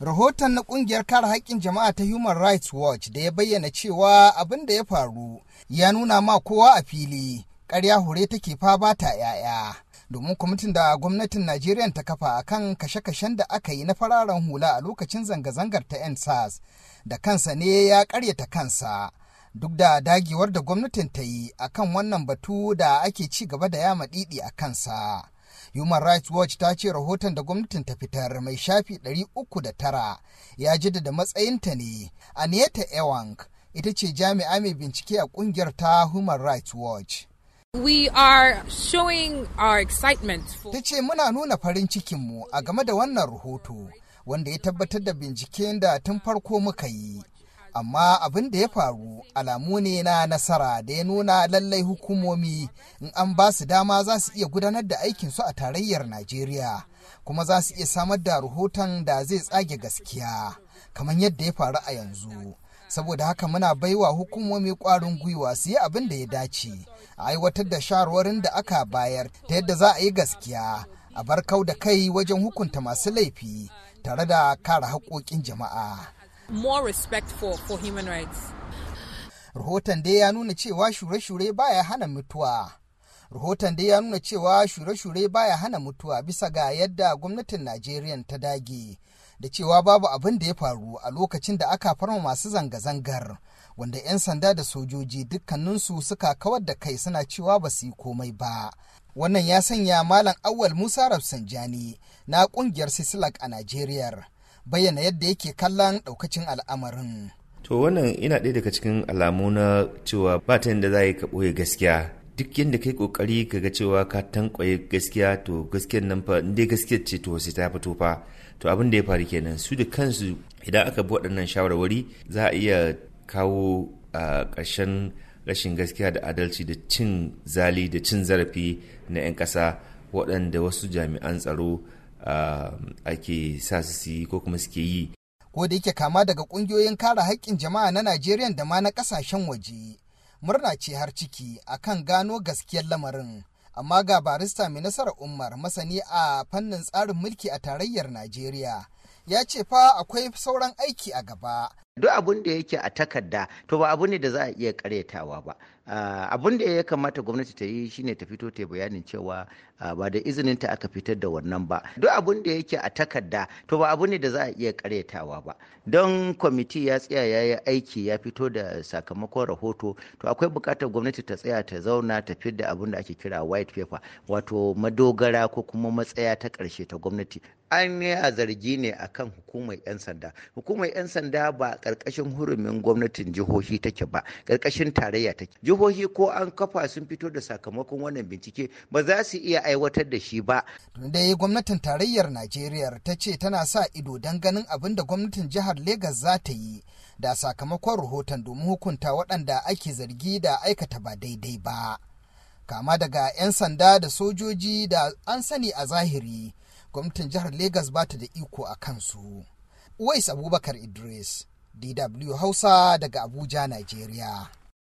Rahoton na kungiyar kare haƙƙin jama'a ta Human Rights Watch da ya bayyana cewa abin da ya faru ya nuna ma kowa a fili ƙarya hure take fa ba ta 'ya'ya. domin kwamitin da gwamnatin Najeriya ta kafa a kan kashe-kashen da aka yi na fararen hula a lokacin zanga-zangar ta NSAS da kansa ne ya karyata kansa duk da dagewar da gwamnatin ta yi a kan wannan batu da ake ci gaba da yama didi a kansa. Human Rights Watch ta ce rahoton da gwamnatin ta fitar mai shafi 309 ya da matsayinta ne. Aneta Ewang ita ce jami'a mai bincike a kungiyar ta Human Rights Watch. We are showing our excitement for... Ta ce muna nuna farin cikinmu a game da wannan rahoto wanda ya tabbatar da binciken da tun farko muka yi. amma abin da ya faru alamu ne na nasara da ya nuna lallai hukumomi in an ba su dama za su iya gudanar da aikin su a tarayyar najeriya kuma za su iya samar da rahoton da zai tsage gaskiya kamar yadda ya faru a yanzu saboda haka muna baiwa hukumomi kwarin gwiwa su yi abin da ya dace a aiwatar da shawarwarin da aka bayar ta yadda za a yi gaskiya a bar kau da kai wajen hukunta masu laifi tare da kare haƙoƙin jama'a more respect for, for human rights. Rahoton dai ya nuna cewa shure-shure baya hana mutuwa. Rahoton dai ya nuna cewa shure-shure baya hana mutuwa bisa ga yadda gwamnatin Najeriya ta dage. Da cewa babu abin da ya faru a lokacin da aka farma masu zanga-zangar, wanda 'yan sanda da sojoji dukkaninsu suka kawar da kai suna cewa ba su yi komai ba. Wannan ya sanya Malam Awal Musa Rafsanjani na kungiyar Sisilak a Najeriya. bayyana yadda yake kallon ɗaukacin al'amarin. To wannan ina ɗaya daga cikin alamu na cewa ba ta yadda za ka ɓoye gaskiya. Duk yadda kai ƙoƙari ka ga cewa ka tankwaye gaskiya to gaskiyar nan fa inda gaskiyar ce to sai ta fito fa. To abin da ya faru kenan su da kansu idan aka bi waɗannan shawarwari za a iya kawo a ƙarshen rashin gaskiya da adalci da cin zali da cin zarafi na 'yan ƙasa waɗanda wasu jami'an tsaro Um, ake sa su yi ko kuma suke yi ko da yake kama daga ƙungiyoyin kare haƙƙin jama'a na Najeriya da ma na ƙasashen waje murna ce har ciki akan gano gaskiyar lamarin amma ga barista mai nasarar umar masani a fannin tsarin mulki a tarayyar Najeriya ya ce fa akwai sauran aiki a gaba duk abun da yake a takarda to ba abu ne da za a iya karyatawa ba ah, abun da ya kamata gwamnati ta yi shine ta fito ta bayanin cewa ah, ba da izinin ta aka fitar da wannan ba duk abun da yake a takarda to ba abu ne da za a iya karyatawa ba don kwamiti ya tsaya ya yi aiki ya fito da sakamakon rahoto to akwai bukatar gwamnati ta tsaya ta zauna ta da abin da ake kira white paper wato madogara ko kuma matsaya ta karshe ta gwamnati an yi a zargi ne akan hukumar 'yan sanda hukumar 'yan sanda ba ƙarƙashin hurumin gwamnatin jihohi take ba ƙarƙashin tarayya take jihohi ko an kafa sun fito da sakamakon wannan bincike ba za su iya aiwatar da shi ba dai gwamnatin tarayyar najeriya ta ce tana sa ido don ganin abin da gwamnatin jihar Legas za ta yi da sakamakon rahoton domin hukunta waɗanda ake zargi da aikata ba daidai ba kama daga 'yan sanda da sojoji da an sani a zahiri gwamnatin jihar Legas ba ta da iko a kansu. Uwais Abubakar Idris, DW Hausa daga Abuja, Najeriya.